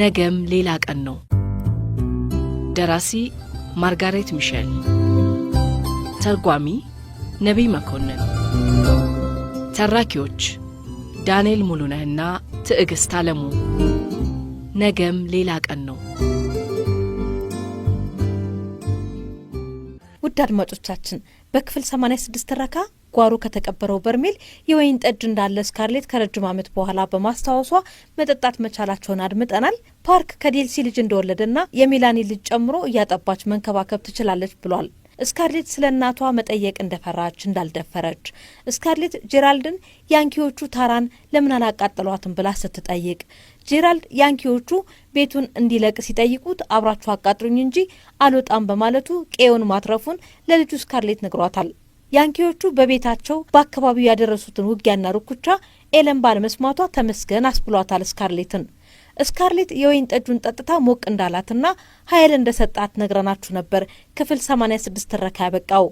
ነገም ሌላ ቀን ነው። ደራሲ ማርጋሬት ሚሸል፣ ተርጓሚ ነቢይ መኮንን፣ ተራኪዎች ዳንኤል ሙሉነህና ትዕግሥት አለሙ። ነገም ሌላ ቀን ነው። ውድ አድማጮቻችን በክፍል 86 ትረካ ጓሮ ከተቀበረው በርሜል የወይን ጠጅ እንዳለ ስካርሌት ከረጅም ዓመት በኋላ በማስታወሷ መጠጣት መቻላቸውን አድምጠናል። ፓርክ ከዴልሲ ልጅ እንደወለደና የሚላኒ ልጅ ጨምሮ እያጠባች መንከባከብ ትችላለች ብሏል። ስካርሌት ስለ እናቷ መጠየቅ እንደፈራች እንዳልደፈረች ስካርሌት ጄራልድን ያንኪዎቹ ታራን ለምን አላቃጠሏትም ብላ ስትጠይቅ ጄራልድ ያንኪዎቹ ቤቱን እንዲለቅ ሲጠይቁት አብራችሁ አቃጥሩኝ እንጂ አልወጣም በማለቱ ቄውን ማትረፉን ለልጁ ስካርሌት ነግሯታል። ያንኪዎቹ በቤታቸው በአካባቢው ያደረሱትን ውጊያና ሩኩቻ ኤለን ባለመስማቷ ተመስገን አስብሏታል ስካርሌትን። ስካርሌት የወይን ጠጁን ጠጥታ ሞቅ እንዳላትና ኃይል እንደሰጣት ነግረናችሁ ነበር። ክፍል 86 ትረካ ያበቃው።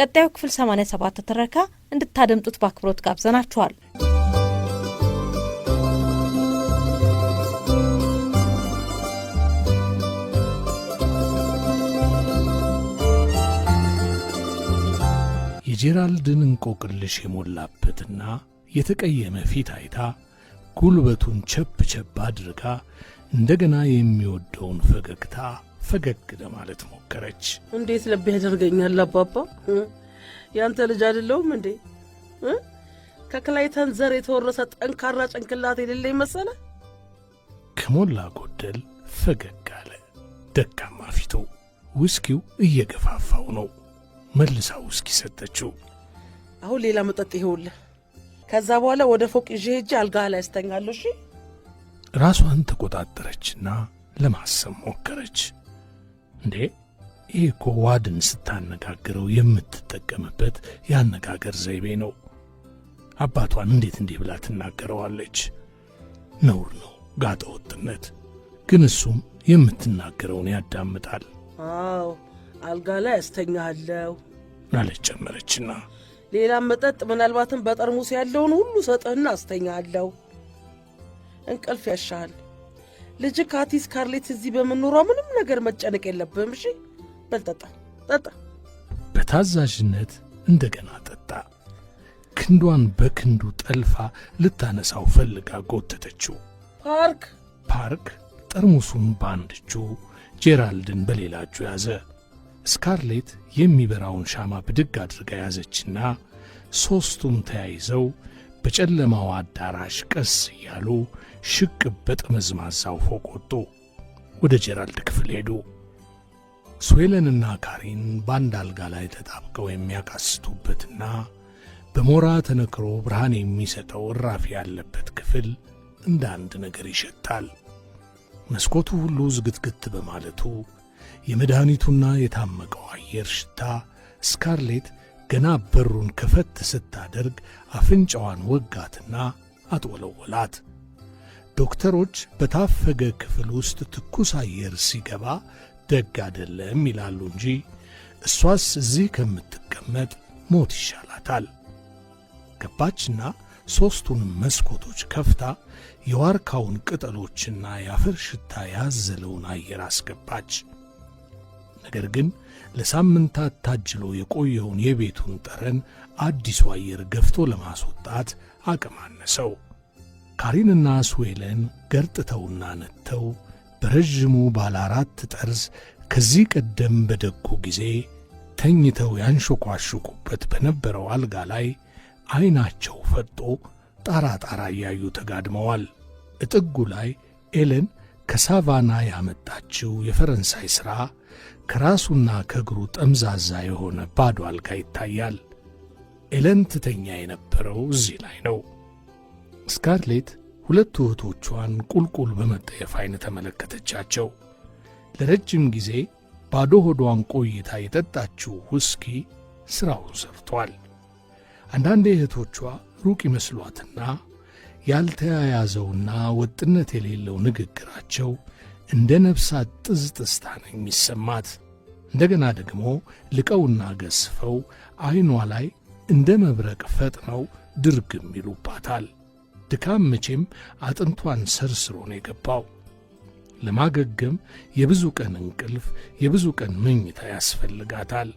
ቀጣዩ ክፍል 87 ትረካ እንድታደምጡት በአክብሮት ጋብዘናችኋል። የጄራልድን እንቆቅልሽ የሞላበትና የተቀየመ ፊት አይታ ጉልበቱን ቸብ ቸብ አድርጋ እንደገና የሚወደውን ፈገግታ ፈገግ ለማለት ሞከረች። እንዴት ልብ ያደርገኛል አባባ፣ ያንተ ልጅ አይደለሁም እንዴ? ከክላይተን ዘር የተወረሰ ጠንካራ ጭንቅላት የሌለኝ መሰለ። ከሞላ ጎደል ፈገግ አለ። ደካማ ፊቱ ውስኪው እየገፋፋው ነው። መልሳ ውስኪ ሰጠችው። አሁን ሌላ መጠጥ ይሄውል ከዛ በኋላ ወደ ፎቅ ይዤ ሄጄ አልጋ ላይ ያስተኛለሁ። እሺ። ራሷን ተቆጣጠረችና ለማሰብ ሞከረች። እንዴ ይህ እኮ ዋድን ስታነጋግረው የምትጠቀምበት የአነጋገር ዘይቤ ነው። አባቷን እንዴት እንዲህ ብላ ትናገረዋለች? ነውር ነው፣ ጋጠወጥነት። ወጥነት። ግን እሱም የምትናገረውን ያዳምጣል። አዎ አልጋ ላይ ያስተኛሃለሁ አለች ጨመረችና፣ ሌላም መጠጥ ምናልባትም በጠርሙስ ያለውን ሁሉ ሰጥህና አስተኛሃለሁ፣ እንቅልፍ ያሻሃል። ልጅ ካቲ ስካርሌት እዚህ በምኖረው ምንም ነገር መጨነቅ የለብህም። እሺ በል ጠጣ ጠጣ። በታዛዥነት እንደገና ጠጣ። ክንዷን በክንዱ ጠልፋ ልታነሳው ፈልጋ ጎተተችው። ፓርክ ፓርክ ጠርሙሱን በአንድ እጁ ጄራልድን በሌላ እጁ ያዘ። ስካርሌት የሚበራውን ሻማ ብድግ አድርጋ ያዘችና ሦስቱም ተያይዘው በጨለማው አዳራሽ ቀስ እያሉ ሽቅብ በጠመዝማዛው ፎቅ ወጡ። ወደ ጄራልድ ክፍል ሄዱ። ስዌለንና ካሪን በአንድ አልጋ ላይ ተጣብቀው የሚያቃስቱበትና በሞራ ተነክሮ ብርሃን የሚሰጠው እራፊ ያለበት ክፍል እንደ አንድ ነገር ይሸታል። መስኮቱ ሁሉ ዝግትግት በማለቱ የመድኃኒቱና የታመቀው አየር ሽታ ስካርሌት ገና በሩን ከፈት ስታደርግ አፍንጫዋን ወጋትና አጥወለወላት። ዶክተሮች በታፈገ ክፍል ውስጥ ትኩስ አየር ሲገባ ደግ አይደለም ይላሉ እንጂ እሷስ እዚህ ከምትቀመጥ ሞት ይሻላታል። ገባችና ሦስቱንም መስኮቶች ከፍታ የዋርካውን ቅጠሎችና የአፈር ሽታ ያዘለውን አየር አስገባች። ነገር ግን ለሳምንታት ታጅሎ የቆየውን የቤቱን ጠረን አዲሱ አየር ገፍቶ ለማስወጣት አቅም አነሰው። ካሪንና ስዌለን ገርጥተውና ነጥተው በረዥሙ ባለ አራት ጠርዝ ከዚህ ቀደም በደጉ ጊዜ ተኝተው ያንሾኳሹቁበት በነበረው አልጋ ላይ ዐይናቸው ፈጦ ጣራ ጣራ እያዩ ተጋድመዋል። እጥጉ ላይ ኤለን ከሳቫና ያመጣችው የፈረንሳይ ሥራ ከራሱና ከእግሩ ጠምዛዛ የሆነ ባዶ አልጋ ይታያል። ኤለን ትተኛ የነበረው እዚህ ላይ ነው። ስካርሌት ሁለቱ እህቶቿን ቁልቁል በመጠየፍ አይነ ተመለከተቻቸው። ለረጅም ጊዜ ባዶ ሆዷን ቆይታ የጠጣችው ውስኪ ሥራውን ሰርቷል። አንዳንዴ እህቶቿ ሩቅ ይመስሏትና ያልተያያዘውና ወጥነት የሌለው ንግግራቸው እንደ ነፍሳት ጥዝጥዝታ ነው የሚሰማት። እንደገና ደግሞ ልቀውና ገስፈው ዐይኗ ላይ እንደ መብረቅ ፈጥነው ድርግም ይሉባታል። ድካም መቼም አጥንቷን ሰርስሮ ነው የገባው። ለማገገም የብዙ ቀን እንቅልፍ፣ የብዙ ቀን መኝታ ያስፈልጋታል።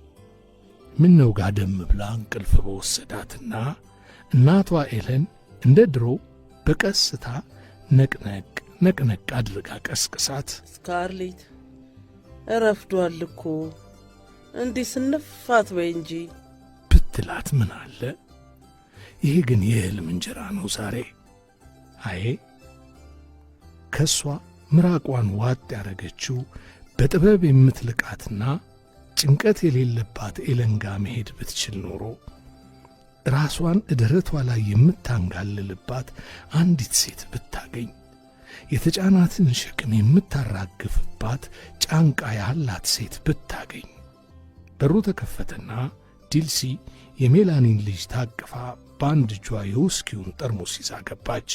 ምን ነው ጋደም ብላ እንቅልፍ በወሰዳትና እናቷ ኤለን እንደ ድሮ በቀስታ ነቅነቅ ነቅነቅ አድርጋ ቀስቅሳት፣ ስካርሊት እረፍዷል እኮ እንዲህ ስንፋት በይ እንጂ ብትላት ምን አለ። ይሄ ግን የህልም እንጀራ ነው ዛሬ። አዬ ከእሷ ምራቋን ዋጥ ያደረገችው በጥበብ የምትልቃትና ጭንቀት የሌለባት ኤለንጋ መሄድ ብትችል ኖሮ ራሷን እደረቷ ላይ የምታንጋልልባት አንዲት ሴት ብታገኝ የተጫናትን ሸክም የምታራግፍባት ጫንቃ ያላት ሴት ብታገኝ። በሩ ተከፈተና ዲልሲ የሜላኒን ልጅ ታቅፋ በአንድ እጇ የውስኪውን ጠርሙስ ይዛ ገባች።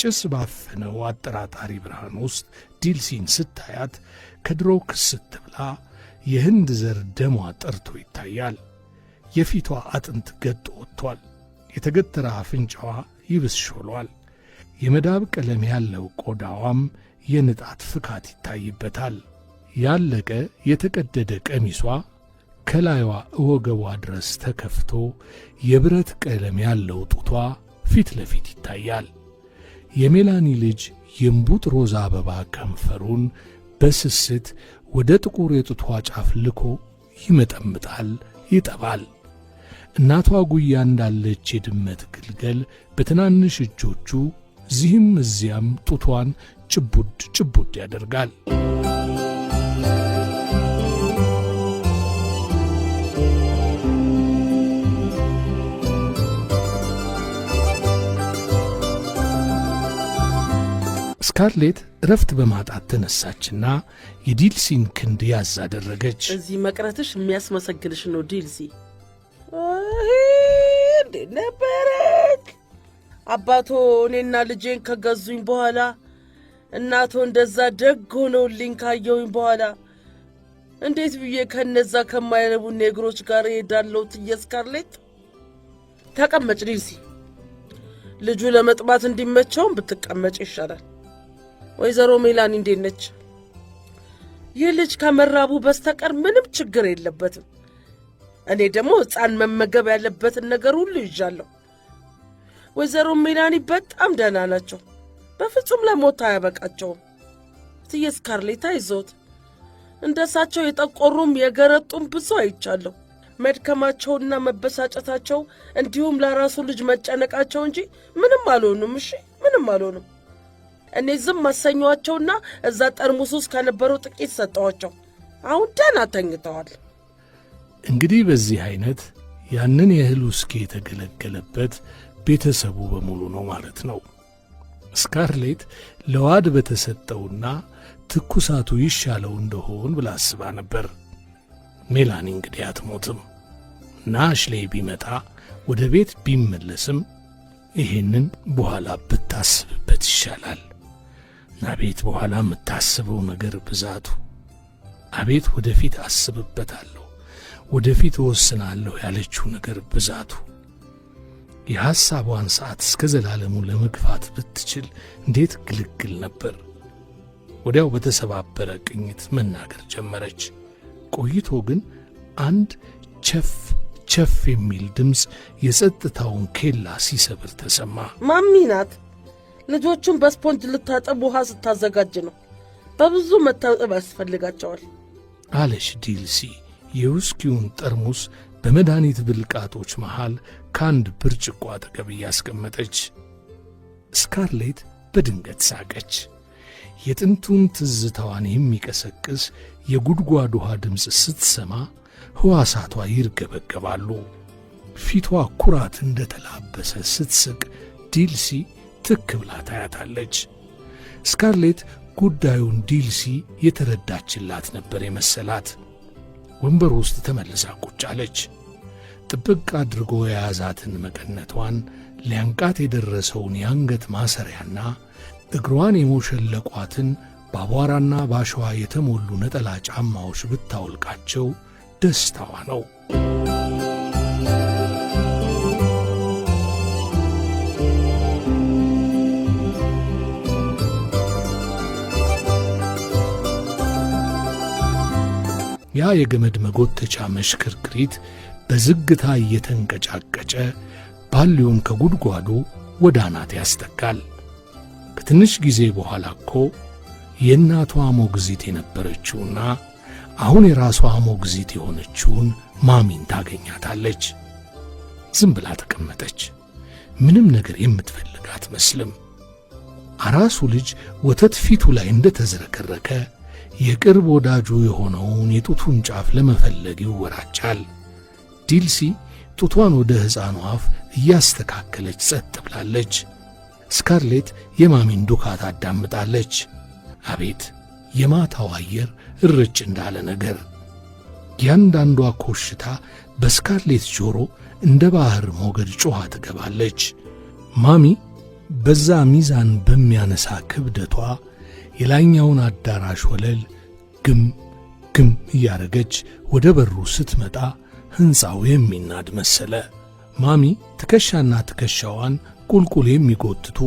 ጭስ ባፈነው አጠራጣሪ ብርሃን ውስጥ ዲልሲን ስታያት ከድሮ ክስት ብላ የህንድ ዘር ደሟ ጠርቶ ይታያል። የፊቷ አጥንት ገጦ ወጥቷል። የተገተረ አፍንጫዋ ይብስ ሾሏል። የመዳብ ቀለም ያለው ቆዳዋም የንጣት ፍካት ይታይበታል። ያለቀ የተቀደደ ቀሚሷ ከላይዋ እወገቧ ድረስ ተከፍቶ የብረት ቀለም ያለው ጡቷ ፊት ለፊት ይታያል። የሜላኒ ልጅ የእምቡጥ ሮዛ አበባ ከንፈሩን በስስት ወደ ጥቁር የጡቷ ጫፍ ልኮ ይመጠምጣል፣ ይጠባል። እናቷ ጉያ እንዳለች የድመት ግልገል በትናንሽ እጆቹ እዚህም እዚያም ጡቷን ጭቡድ ጭቡድ ያደርጋል። ስካርሌት እረፍት በማጣት ተነሳችና የዲልሲን ክንድ ያዝ አደረገች። እዚህ መቅረትሽ የሚያስመሰግንሽ ነው ዲልሲ። እንዴት ነበረክ? አባቶ እኔና ልጄን ከገዙኝ በኋላ እናቶ እንደዛ ደግ ሆነውልኝ ካየውኝ በኋላ እንዴት ብዬ ከነዛ ከማይረቡ ኔግሮች ጋር እሄዳለሁ? ትዬ ስካርሌት ተቀመጭ ዲልሲ። ልጁ ለመጥባት እንዲመቸውም ብትቀመጭ ይሻላል። ወይዘሮ ሜላኒ እንዴት ነች? ይህ ልጅ ከመራቡ በስተቀር ምንም ችግር የለበትም። እኔ ደግሞ ሕፃን መመገብ ያለበትን ነገር ሁሉ ይዣለሁ። ወይዘሮ ሜላኒ በጣም ደህና ናቸው። በፍጹም ለሞት አያበቃቸውም። እትዬ ስካርሌታ ይዞት እንደ እሳቸው የጠቆሩም የገረጡም ብዙ አይቻለሁ። መድከማቸውና መበሳጨታቸው እንዲሁም ለራሱ ልጅ መጨነቃቸው እንጂ ምንም አልሆኑም። እሺ ምንም አልሆኑም። እኔ ዝም አሰኘኋቸውና እዛ ጠርሙስ ውስጥ ከነበረው ጥቂት ሰጠኋቸው። አሁን ደህና ተኝተዋል። እንግዲህ በዚህ አይነት ያንን የእህል ውስኪ የተገለገለበት ቤተሰቡ በሙሉ ነው ማለት ነው። ስካርሌት ለዋድ በተሰጠውና ትኩሳቱ ይሻለው እንደሆን ብላ አስባ ነበር። ሜላኒ እንግዲህ አትሞትም እና አሽሌ ቢመጣ ወደ ቤት ቢመለስም ይሄንን በኋላ ብታስብበት ይሻላል። አቤት በኋላ የምታስበው ነገር ብዛቱ! አቤት ወደፊት አስብበታለሁ፣ ወደፊት እወስናለሁ ያለችው ነገር ብዛቱ! የሐሳቧን ሰዓት እስከ ዘላለሙ ለመግፋት ብትችል እንዴት ግልግል ነበር። ወዲያው በተሰባበረ ቅኝት መናገር ጀመረች። ቆይቶ ግን አንድ ቸፍ ቸፍ የሚል ድምፅ የጸጥታውን ኬላ ሲሰብር ተሰማ። ማሚ ናት። ልጆቹን በስፖንጅ ልታጠብ ውሃ ስታዘጋጅ ነው። በብዙ መታጠብ ያስፈልጋቸዋል አለሽ ዲልሲ የውስኪውን ጠርሙስ በመድኃኒት ብልቃጦች መሃል ከአንድ ብርጭቆ አጠገብ እያስቀመጠች ስካርሌት በድንገት ሳቀች። የጥንቱን ትዝታዋን የሚቀሰቅስ የጉድጓድ ውሃ ድምፅ ስትሰማ ሕዋሳቷ ይርገበገባሉ። ፊቷ ኩራት እንደተላበሰ ስትስቅ ዲልሲ ትክ ብላ ታያታለች። ስካርሌት ጉዳዩን ዲልሲ የተረዳችላት ነበር የመሰላት። ወንበር ውስጥ ተመልሳ ቁጭ አለች። ጥብቅ አድርጎ የያዛትን መቀነቷን ሊያንቃት የደረሰውን የአንገት ማሰሪያና እግሯን የሞሸለቋትን በአቧራና በአሸዋ የተሞሉ ነጠላ ጫማዎች ብታወልቃቸው ደስታዋ ነው። ያ የገመድ መጎተቻ መሽክርክሪት በዝግታ እየተንቀጫቀጨ ባሊውን ከጉድጓዱ ወደ አናት ያስጠጋል። ከትንሽ ጊዜ በኋላ እኮ የእናቷ ሞግዚት የነበረችውና አሁን የራሷ ሞግዚት የሆነችውን ማሚን ታገኛታለች። ዝም ብላ ተቀመጠች። ምንም ነገር የምትፈልግ አትመስልም። አራሱ ልጅ ወተት ፊቱ ላይ እንደ ተዝረከረከ የቅርብ ወዳጁ የሆነውን የጡቱን ጫፍ ለመፈለግ ይወራጫል። ዲልሲ ጡቷን ወደ ሕፃኑ አፍ እያስተካከለች ጸጥ ብላለች። ስካርሌት የማሚን ዱካ ታዳምጣለች። አቤት የማታው አየር እርጭ እንዳለ ነገር! ያንዳንዷ ኮሽታ በስካርሌት ጆሮ እንደ ባሕር ሞገድ ጮኻ ትገባለች። ማሚ በዛ ሚዛን በሚያነሳ ክብደቷ የላይኛውን አዳራሽ ወለል ግም ግም እያረገች ወደ በሩ ስትመጣ ሕንፃው የሚናድ መሰለ። ማሚ ትከሻና ትከሻዋን ቁልቁል የሚጎትቱ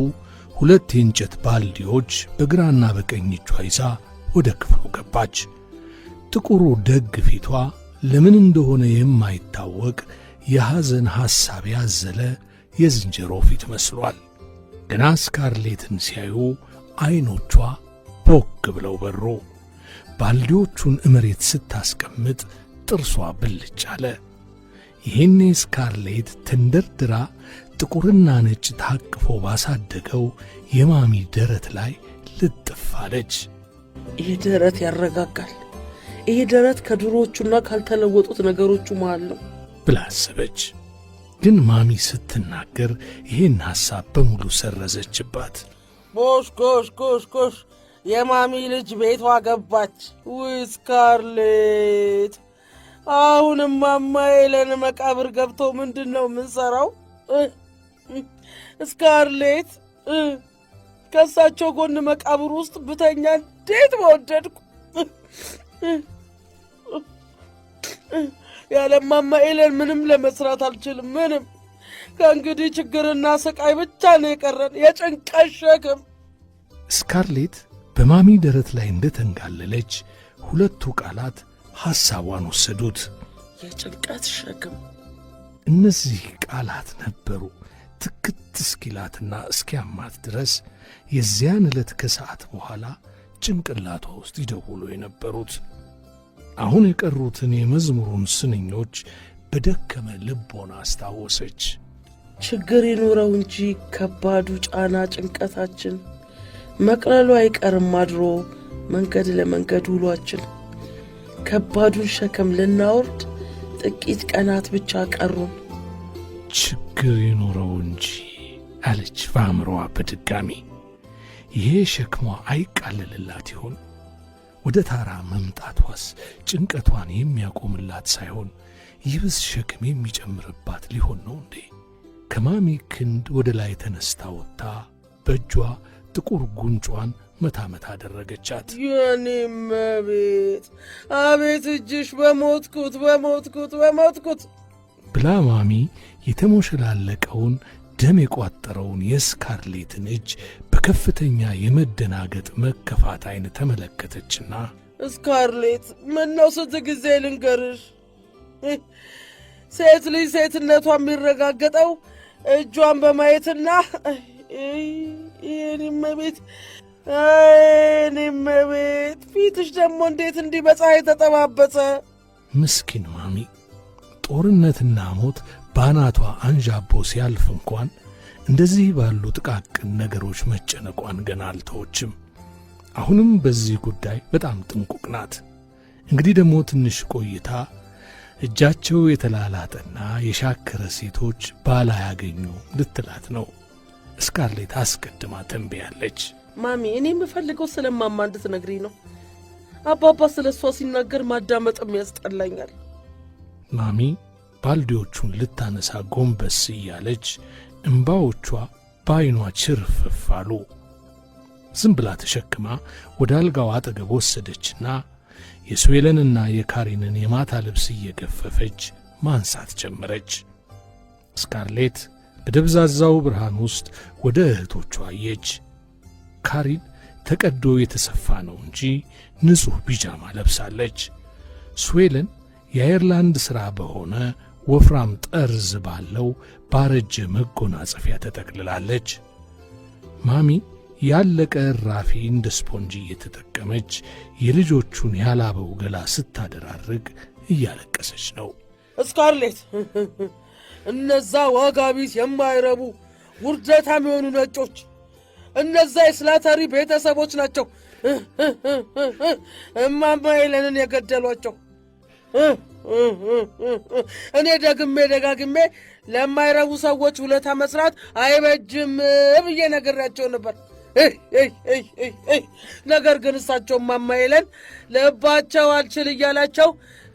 ሁለት የእንጨት ባልዲዎች በግራና በቀኝ እጇ ይዛ ወደ ክፍሉ ገባች። ጥቁሩ ደግ ፊቷ ለምን እንደሆነ የማይታወቅ የሐዘን ሐሳብ ያዘለ የዝንጀሮ ፊት መስሏል። ገና ስካርሌትን ሲያዩ ዐይኖቿ ቦግ ብለው በሩ። ባልዲዎቹን እመሬት ስታስቀምጥ ጥርሷ ብልጭ አለ። ይህኔ ስካርሌት ተንደርድራ ጥቁርና ነጭ ታቅፎ ባሳደገው የማሚ ደረት ላይ ልጥፍ አለች። ይህ ደረት ያረጋጋል፣ ይህ ደረት ከድሮዎቹና ካልተለወጡት ነገሮቹ መሃል ነው ብላ አሰበች። ግን ማሚ ስትናገር ይህን ሐሳብ በሙሉ ሰረዘችባት። ቦሽ ኮሽ ኮሽ ኮሽ የማሚ ልጅ ቤቷ ገባች። ውይ ስካርሌት፣ አሁን ማማ ለን መቃብር ገብቶ ምንድን ነው የምንሰራው? ስካርሌት፣ ከእሳቸው ጎን መቃብር ውስጥ ብተኛ እንዴት በወደድኩ። ያለ ማማ ኤለን ምንም ለመስራት አልችልም። ምንም ከእንግዲህ ችግርና ስቃይ ብቻ ነው የቀረን፣ የጭንቀት ሸክም። ስካርሌት በማሚ ደረት ላይ እንደተንጋለለች ሁለቱ ቃላት ሐሳቧን ወሰዱት። የጭንቀት ሸክም። እነዚህ ቃላት ነበሩ ትክት እስኪላትና እስኪያማት ድረስ የዚያን ዕለት ከሰዓት በኋላ ጭንቅላቷ ውስጥ ይደውሉ የነበሩት። አሁን የቀሩትን የመዝሙሩን ስንኞች በደከመ ልቦን አስታወሰች። ችግር ይኑረው እንጂ ከባዱ ጫና ጭንቀታችን መቅለሉ አይቀርም አድሮ መንገድ ለመንገድ ውሏችን ከባዱን ሸክም ልናወርድ ጥቂት ቀናት ብቻ ቀሩን። ችግር ይኖረው እንጂ አለች በአእምሮዋ በድጋሚ። ይሄ ሸክሟ አይቃለልላት ይሆን? ወደ ታራ መምጣቷስ ጭንቀቷን የሚያቆምላት ሳይሆን ይብስ ሸክም የሚጨምርባት ሊሆን ነው እንዴ? ከማሚ ክንድ ወደ ላይ ተነስታ ወጥታ በእጇ ጥቁር ጉንጯን መታመት አደረገቻት። የኔ መቤት፣ አቤት እጅሽ! በሞትኩት በሞትኩት በሞትኩት ብላ ማሚ የተሞሸላለቀውን ደም የቋጠረውን የስካርሌትን እጅ በከፍተኛ የመደናገጥ መከፋት ዓይን ተመለከተችና ስካርሌት፣ ምነው ስንት ጊዜ ልንገርሽ? ሴት ልጅ ሴትነቷ የሚረጋገጠው እጇን በማየትና የኔም ቤት ፊትሽ ደግሞ እንዴት እንዲህ በፀሐይ ተጠባበጸ? ምስኪን ማሚ ጦርነትና ሞት ባናቷ አንዣቦ ሲያልፍ እንኳን እንደዚህ ባሉ ጥቃቅን ነገሮች መጨነቋን ገና አልተወችም። አሁንም በዚህ ጉዳይ በጣም ጥንቁቅ ናት። እንግዲህ ደግሞ ትንሽ ቆይታ እጃቸው የተላላጠና የሻከረ ሴቶች ባላ ያገኙ ልትላት ነው። ስካርሌት አስቀድማ ትንብያለች። ማሚ፣ እኔ የምፈልገው ስለ ማማ እንድትነግሪኝ ነው። አባባ ስለ እሷ ሲናገር ማዳመጥም ያስጠላኛል። ማሚ ባልዲዎቹን ልታነሳ ጎንበስ እያለች እምባዎቿ በዐይኗ ችርፍፍ አሉ። ዝም ብላ ተሸክማ ወደ አልጋው አጠገብ ወሰደችና የስዌለንና የካሪንን የማታ ልብስ እየገፈፈች ማንሳት ጀመረች። ስካርሌት በደብዛዛው ብርሃን ውስጥ ወደ እህቶቹ አየች። ካሪን ተቀዶ የተሰፋ ነው እንጂ ንጹሕ ቢጃማ ለብሳለች። ስዌለን የአይርላንድ ሥራ በሆነ ወፍራም ጠርዝ ባለው ባረጀ መጎናጸፊያ ተጠቅልላለች። ማሚ ያለቀ ራፊ እንደ ስፖንጂ እየተጠቀመች የልጆቹን ያላበው ገላ ስታደራርግ እያለቀሰች ነው። እስካርሌት እነዛ ዋጋ ቢስ የማይረቡ ውርደታም የሆኑ ነጮች፣ እነዛ የስላተሪ ቤተሰቦች ናቸው እማማ ኤለንን የገደሏቸው። እኔ ደግሜ ደጋግሜ ለማይረቡ ሰዎች ውለታ መስራት አይበጅም ብዬ ነግሬያቸው ነበር። ነገር ግን እሳቸው እማማ ሄለን ልባቸው አልችል እያላቸው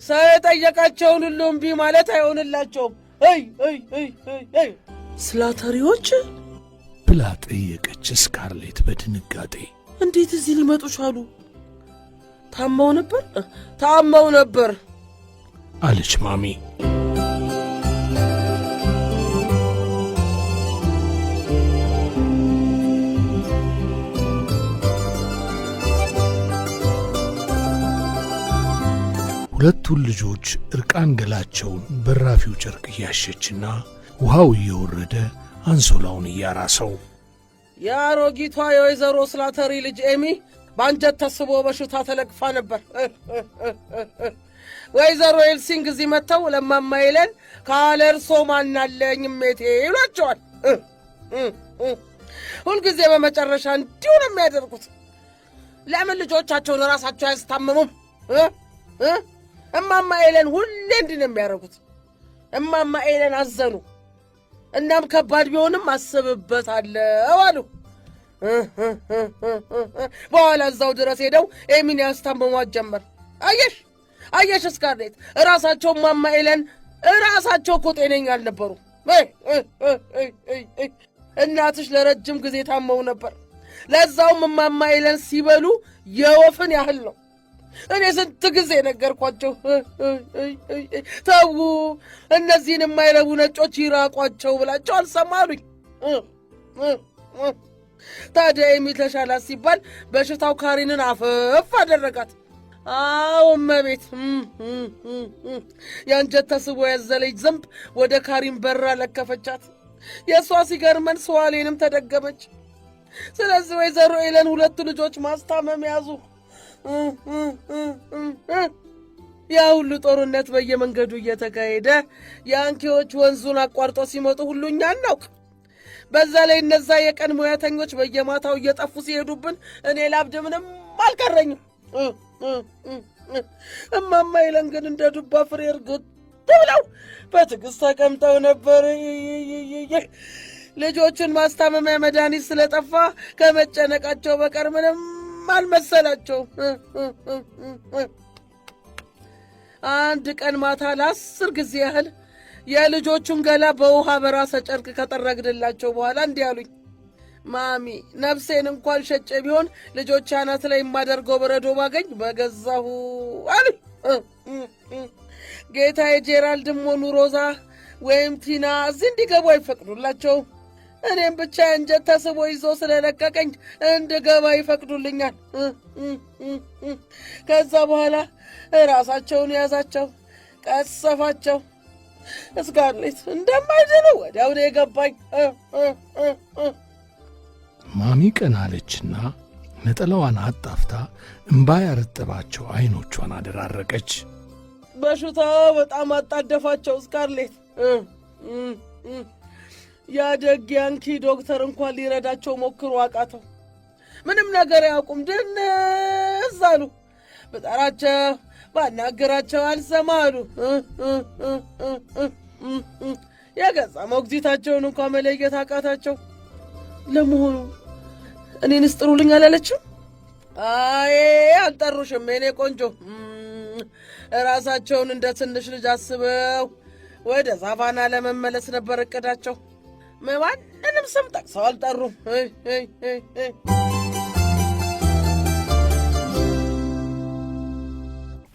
ሰው የጠየቃቸውን ሁሉ እምቢ ማለት አይሆንላቸውም። ስላተሪዎች ብላ ጠየቀች ስካርሌት በድንጋጤ። እንዴት እዚህ ሊመጡ ቻሉ? ታማው ነበር ታማው ነበር አለች ማሚ። ሁለቱን ልጆች እርቃን ገላቸውን በራፊው ጨርቅ እያሸችና ውሃው እየወረደ አንሶላውን እያራሰው የአሮጊቷ የወይዘሮ ስላተሪ ልጅ ኤሚ በአንጀት ተስቦ በሽታ ተለቅፋ ነበር። ወይዘሮ ኤልሲንግ እዚህ መጥተው ለማማይለን ካለ እርሶ ማናለኝ ሜቴ ይሏቸዋል። ሁልጊዜ በመጨረሻ እንዲሁ ነው የሚያደርጉት። ለምን ልጆቻቸውን ራሳቸው አያስታምሙም? እማማ ኤለን ሁሌ እንዲህ ነው የሚያደርጉት። እማማ ኤለን አዘኑ። እናም ከባድ ቢሆንም አስብበታለሁ አሉ። በኋላ እዛው ድረስ ሄደው ኤሚን ያስታመሟት ጀመር። አየሽ አየሽ እስካርሌት፣ እራሳቸው እማማ ኤለን እራሳቸው እኮ ጤነኛ አልነበሩ። እናትሽ ለረጅም ጊዜ ታመው ነበር። ለዛውም እማማ ኤለን ሲበሉ የወፍን ያህል ነው። እኔ ስንት ጊዜ ነገርኳቸው፣ ተዉ እነዚህን የማይረቡ ነጮች ይራቋቸው ብላቸው አልሰማሉኝ። ታዲያ ተሻላት ሲባል በሽታው ካሪንን አፈፍ አደረጋት። አዎ እመቤት፣ የአንጀት ተስቦ ያዘለች ዘንብ ወደ ካሪን በራ ለከፈቻት። የእሷ ሲገርመን ሰዋሌንም ተደገመች። ስለዚህ ወይዘሮ ኤለን ሁለቱ ልጆች ማስታመም ያዙ። ያ ሁሉ ጦርነት በየመንገዱ እየተካሄደ የአንኪዎች ወንዙን አቋርጦ ሲመጡ ሁሉ እኛ እናውቅ። በዛ ላይ እነዛ የቀን ሙያተኞች በየማታው እየጠፉ ሲሄዱብን እኔ ላብድ ምንም አልቀረኝም። እማማ ይለን ግን እንደ ዱባ ፍሬ እርግጥ ብለው በትዕግስት ተቀምጠው ነበር። ልጆቹን ማስታመሚያ መድኃኒት ስለጠፋ ከመጨነቃቸው በቀር ምንም አልመሰላቸው። አንድ ቀን ማታ ለአስር ጊዜ ያህል የልጆቹን ገላ በውሃ በራሰ ጨርቅ ከጠረግንላቸው በኋላ እንዲህ አሉኝ። ማሚ ነፍሴን እንኳን ሸጬ ቢሆን ልጆች አናት ላይ የማደርገው በረዶ ባገኝ በገዛሁ አሉኝ። ጌታ የጄራልድም ሆኑ ሮዛ ወይም ቲና እዚህ እንዲገቡ አይፈቅዱላቸውም። እኔም ብቻ እንጀት ተስቦ ይዞ ስለለቀቀኝ እንድገባ ይፈቅዱልኛል። ከዛ በኋላ ራሳቸውን ያዛቸው፣ ቀሰፋቸው። እስካርሌት እንደማይድኑ ወዲያው ነው የገባኝ። ማሚ ቀና አለችና ነጠላዋን አጣፍታ እምባ ያረጠባቸው ዐይኖቿን አደራረቀች። በሽታ በጣም አጣደፋቸው እስካርሌት ያ ደግ ያንኪ ዶክተር እንኳን ሊረዳቸው ሞክሮ አቃተው። ምንም ነገር ያውቁም፣ ድንዝ አሉ። ብጠራቸው ባናገራቸው አልሰማ አሉ። የገዛ ሞግዚታቸውን እንኳ መለየት አቃታቸው። ለመሆኑ እኔን ስጥሩልኝ አላለችም? አይ አልጠሩሽም፣ የኔ ቆንጆ ራሳቸውን እንደ ትንሽ ልጅ አስበው ወደ ሳቫና ለመመለስ ነበር እቅዳቸው። ማንንም ስም ጠቅሰው አልጠሩም።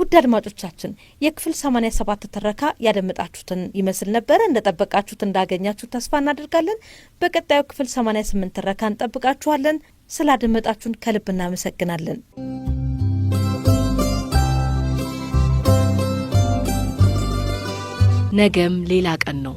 ውድ አድማጮቻችን የክፍል 87 ትረካ ያደምጣችሁትን ይመስል ነበረ። እንደጠበቃችሁት እንዳገኛችሁት ተስፋ እናደርጋለን። በቀጣዩ ክፍል 88 ትረካ እንጠብቃችኋለን። ስላደመጣችሁን ከልብ እናመሰግናለን። ነገም ሌላ ቀን ነው።